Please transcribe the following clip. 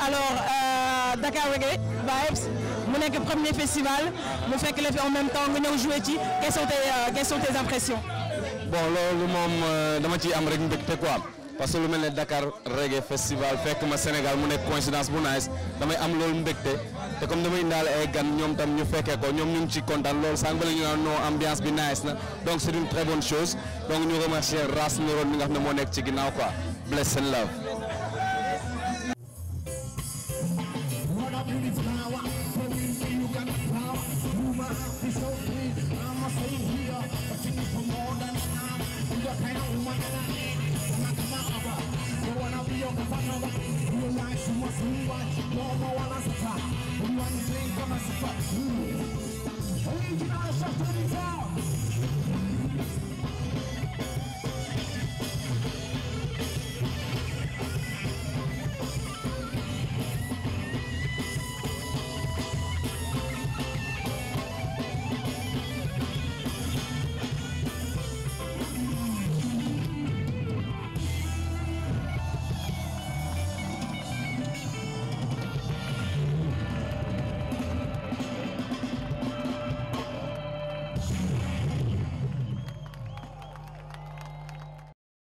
alors euh, Dakar Reggae Vibes mu nekk premier festival mu fekk la fi en même temps nga ñëw jouer ci quelles sont tes euh, quelles sont impressions. bon loolu moom euh, dama ciy am rek mbégte quoi parce que lu mel ne Dakar Reggae Festival fekk ma Sénégal mu nekk coïncidence bu nice damay am loolu mbégte te comme damay indaale ay gan ñoom tam ñu fekkee ko ñoom ñu ngi ci kontaan loolu sànq ba la ñu ambiance bi nice na donc c' est une très bonne chose donc ñu remercier Race Neuron mi nga xam ne moo nekk ci ginnaaw quoi bless and Who wants to know what I supply? Who wants to drink from my supply?